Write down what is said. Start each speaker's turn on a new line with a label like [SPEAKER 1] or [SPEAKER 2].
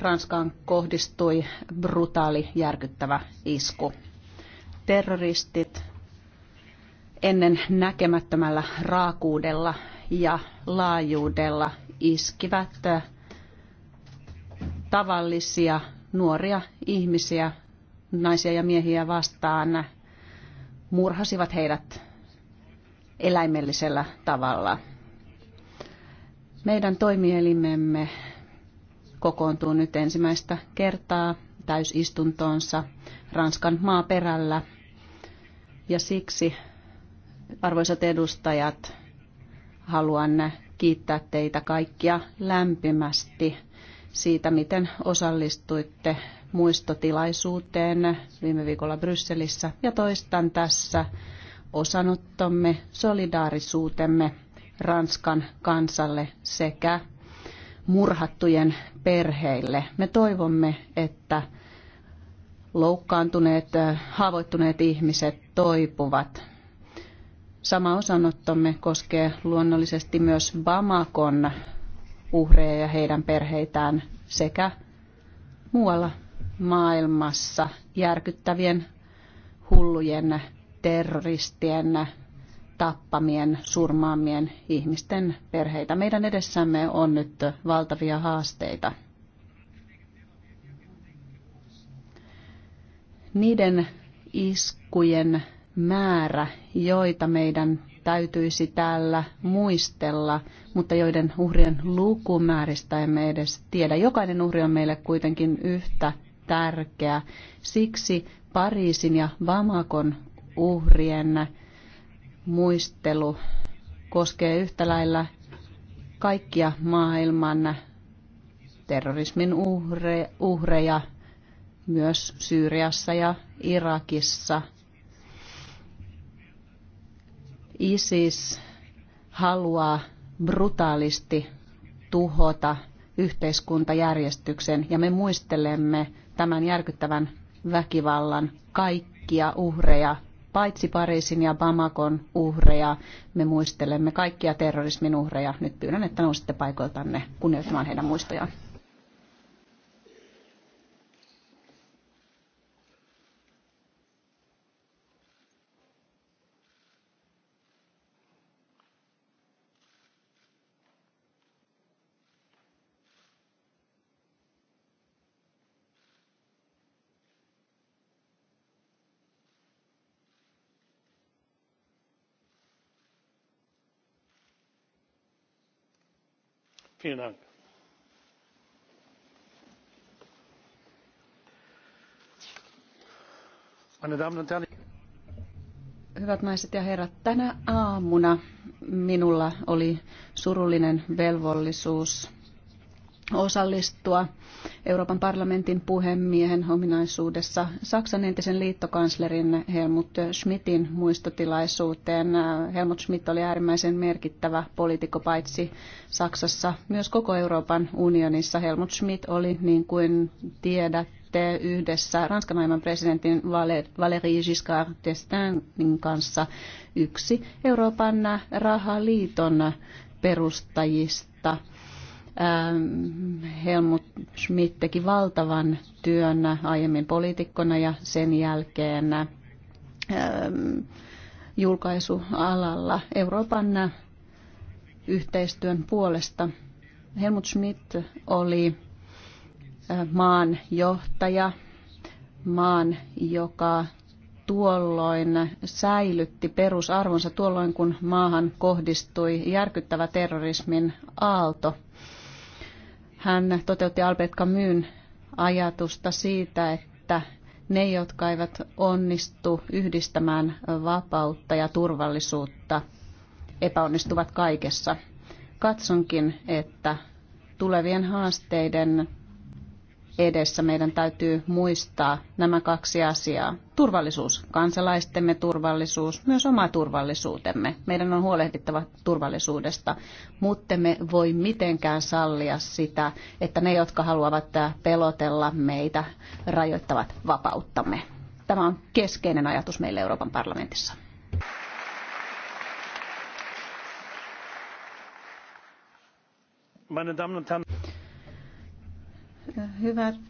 [SPEAKER 1] Ranskaan kohdistui brutaali, järkyttävä isku. Terroristit ennen näkemättömällä raakuudella ja laajuudella iskivät tavallisia nuoria ihmisiä, naisia ja miehiä vastaan, murhasivat heidät eläimellisellä tavalla. Meidän toimielimemme kokoontuu nyt ensimmäistä kertaa täysistuntoonsa Ranskan maaperällä. Ja siksi, arvoisat edustajat, haluan kiittää teitä kaikkia lämpimästi siitä, miten osallistuitte muistotilaisuuteen viime viikolla Brysselissä ja toistan tässä osanottomme, solidaarisuutemme Ranskan kansalle sekä murhattujen perheille. Me toivomme, että loukkaantuneet, äh, haavoittuneet ihmiset toipuvat. Sama osanottomme koskee luonnollisesti myös Bamakon uhreja ja heidän perheitään sekä muualla maailmassa järkyttävien hullujen terroristien tappamien, surmaamien ihmisten perheitä. Meidän edessämme on nyt valtavia haasteita. Niiden iskujen määrä, joita meidän täytyisi täällä muistella, mutta joiden uhrien lukumääristä emme edes tiedä. Jokainen uhri on meille kuitenkin yhtä tärkeä. Siksi Pariisin ja Vamakon uhrien muistelu koskee yhtä lailla kaikkia maailman terrorismin uhre, uhreja myös Syyriassa ja Irakissa. ISIS haluaa brutaalisti tuhota yhteiskuntajärjestyksen ja me muistelemme tämän järkyttävän väkivallan kaikkia uhreja paitsi Pariisin ja Bamakon uhreja, me muistelemme kaikkia terrorismin uhreja. Nyt pyydän, että nousitte paikoiltanne kunnioittamaan heidän muistojaan. vielen dank! hyvät naiset ja herrat tänä aamuna minulla oli surullinen velvollisuus osallistua Euroopan parlamentin puhemiehen ominaisuudessa Saksan entisen liittokanslerin Helmut Schmidtin muistotilaisuuteen. Helmut Schmidt oli äärimmäisen merkittävä poliitikko paitsi Saksassa, myös koko Euroopan unionissa. Helmut Schmidt oli, niin kuin tiedätte, yhdessä Ranskan aivan presidentin Valéry Giscard d'Estaingin kanssa yksi Euroopan rahaliiton perustajista – Ähm, Helmut Schmidt teki valtavan työn aiemmin poliitikkona ja sen jälkeen ähm, julkaisualalla Euroopan yhteistyön puolesta. Helmut Schmidt oli äh, maan johtaja, maan, joka tuolloin säilytti perusarvonsa tuolloin, kun maahan kohdistui järkyttävä terrorismin aalto hän toteutti Albert Camus ajatusta siitä, että ne, jotka eivät onnistu yhdistämään vapautta ja turvallisuutta, epäonnistuvat kaikessa. Katsonkin, että tulevien haasteiden edessä. Meidän täytyy muistaa nämä kaksi asiaa. Turvallisuus, kansalaistemme turvallisuus, myös oma turvallisuutemme. Meidän on huolehdittava turvallisuudesta, mutta me voi mitenkään sallia sitä, että ne, jotka haluavat pelotella meitä, rajoittavat vapauttamme. Tämä on keskeinen ajatus meille Euroopan parlamentissa. Meine Damen und Herren. Hyvät